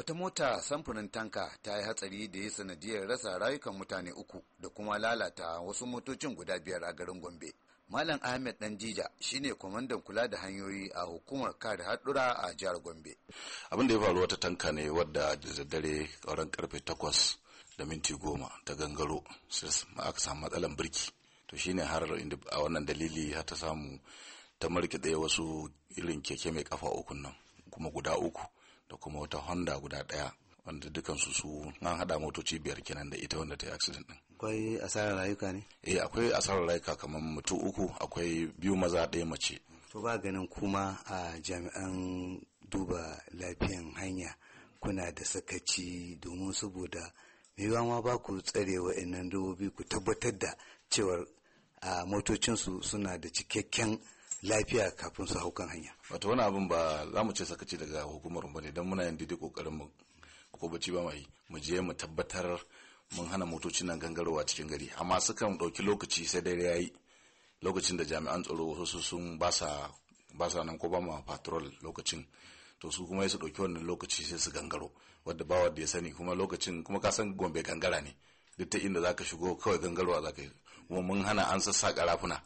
wata mota samfurin tanka ta yi hatsari da ya sanadiyar rasa rayukan mutane uku da kuma lalata wasu motocin guda biyar a garin gombe malam ahmed dan jija shine kwamandan kula da hanyoyi a hukumar kare hadura a jihar gombe abin da ya faru wata tanka ne wadda da daddare ƙauran karfe takwas da minti goma ta gangaro sai aka samu matsalan birki to shine har a wannan dalili har ta samu ta markiɗe wasu irin keke mai kafa uku nan kuma guda uku da kuma wata honda guda ɗaya wanda dukansu su an haɗa motoci biyar kenan da ita wanda ta yi accident din akwai asarar rayuka ne eh akwai asarar rayuka kamar mutum uku akwai biyu maza ɗaya mace to ba ganin kuma a jami'an duba lafiyan hanya kuna da sakaci domin saboda yiwuwa ma ba ku tsare wa'annan dubobi ku tabbatar da cewar motocinsu suna da cikakken lafiya kafin su hau kan hanya wato wani abin ba za mu ce sakaci daga hukumar ba ne don muna yin daidai kokarin mu ko bacci ba mai mu je mu tabbatar mun hana motocin nan gangarowa cikin gari amma sukan ɗauki lokaci sai dare yayi lokacin da jami'an tsaro wasu sun basa basa nan ko ba ma patrol lokacin to su kuma su ɗauki wannan lokaci sai su gangaro wadda ba wadda ya sani kuma lokacin kuma ka san gombe gangara ne duk ta inda zaka shigo kawai gangarowa zaka yi kuma mun hana an sassa karafuna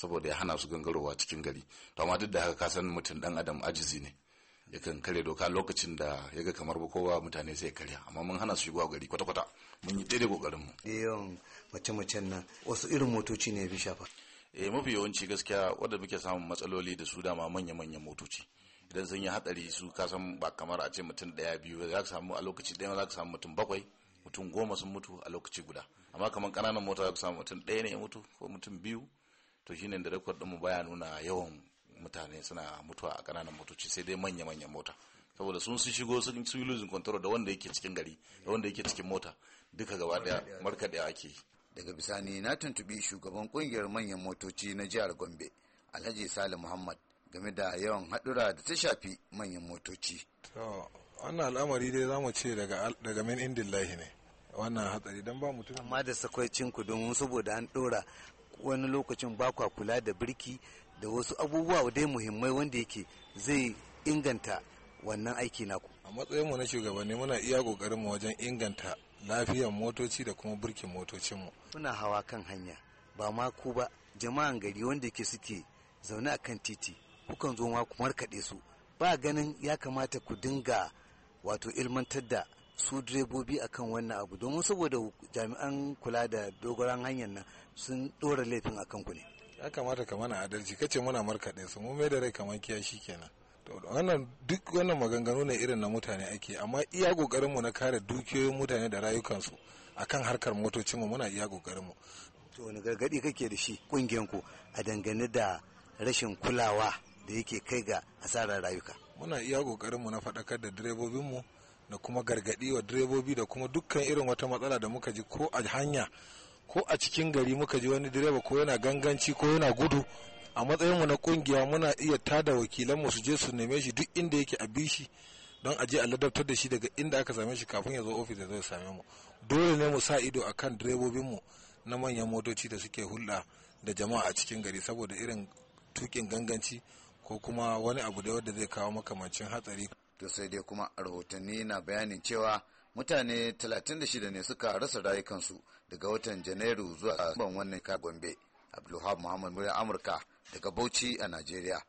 saboda ya hana su gangarowa cikin gari to amma duk da haka kasan mutum dan adam ajizi ne yakan kare doka lokacin da ya ga kamar kowa mutane sai karya amma mun hana su shigowa gari kwata-kwata mun yi daidai kokarin mu eh, yawan mace-macen nan wasu irin motoci ne bi shafa eh mafi yawanci gaskiya wanda muke samun matsaloli da su dama manya-manyan motoci idan sun yi hatsari su kasan ba kamar a ce mutum daya biyu za ka samu a lokaci daya za ka samu mutum bakwai mutum goma sun mutu a lokaci guda amma kamar ƙananan mota za ka samu mutum ɗaya ne ya mutu ko mutum biyu to shine da rekod din mu baya nuna yawan mutane suna mutuwa a kananan motoci sai dai manya manyan mota saboda sun sun shigo sun yi losing control da wanda yake cikin gari da wanda yake cikin mota duka gaba daya markaɗe ake daga bisani na tuntubi shugaban kungiyar manyan motoci na jihar Gombe Alhaji Salim Muhammad game da yawan hadura da ta shafi manyan motoci. wannan al'amari dai za mu ce daga min indillahi ne wannan hatsari don ba mutum amma da sakwaicin ku domin saboda an ɗora wani lokacin ba kwa kula da birki da wasu abubuwa dai muhimmai wanda yake zai inganta wannan aiki naku a matsayinmu na shugabanni muna iya kokarinmu wajen inganta lafiyar motoci da kuma birkin motocinmu Suna hawa kan hanya ba ma ku ba jama'an gari wanda ke suke zaune a kan titi kukan zo ma ku markaɗe su ba ganin ya kamata ku dinga wato ilmantar da su direbobi a kan wannan abu domin saboda jami'an kula da dogaran hanyar nan sun dora laifin akan ku ne ya kamata ka mana adalci kace muna markaɗe su mu mai da rai kamar kiyashi kenan wannan duk wannan maganganu ne irin na mutane ake amma iya kokarin mu na kare dukiyoyin mutane da rayukansu akan harkar motocinmu muna iya kokarin mu to wani gargadi kake da shi kungiyan ku a dangane da rashin kulawa da yake kai ga asarar rayuka muna iya kokarin mu na faɗakar da direbobin mu da kuma gargaɗi wa direbobi da kuma dukkan irin wata matsala da muka ji ko a hanya ko a cikin gari muka ji wani direba ko yana ganganci ko yana gudu a matsayinmu na kungiya muna iya tada wakilanmu su je su neme shi duk inda yake a bi don a je a ladabtar da shi daga inda aka same shi kafin ya zo ofis da zai same mu dole ne mu sa ido a akan direbobinmu na manyan motoci da suke hulɗa da jama'a a cikin gari saboda irin tukin ganganci ko kuma wani abu da wadda zai kawo makamancin hatsari to sai dai kuma rahotanni na bayanin cewa mutane 36 ne suka rasa rayukansu daga watan janairu zuwa ban wannan ka gombe abdulhab muhammad murya amurka daga bauchi a najeriya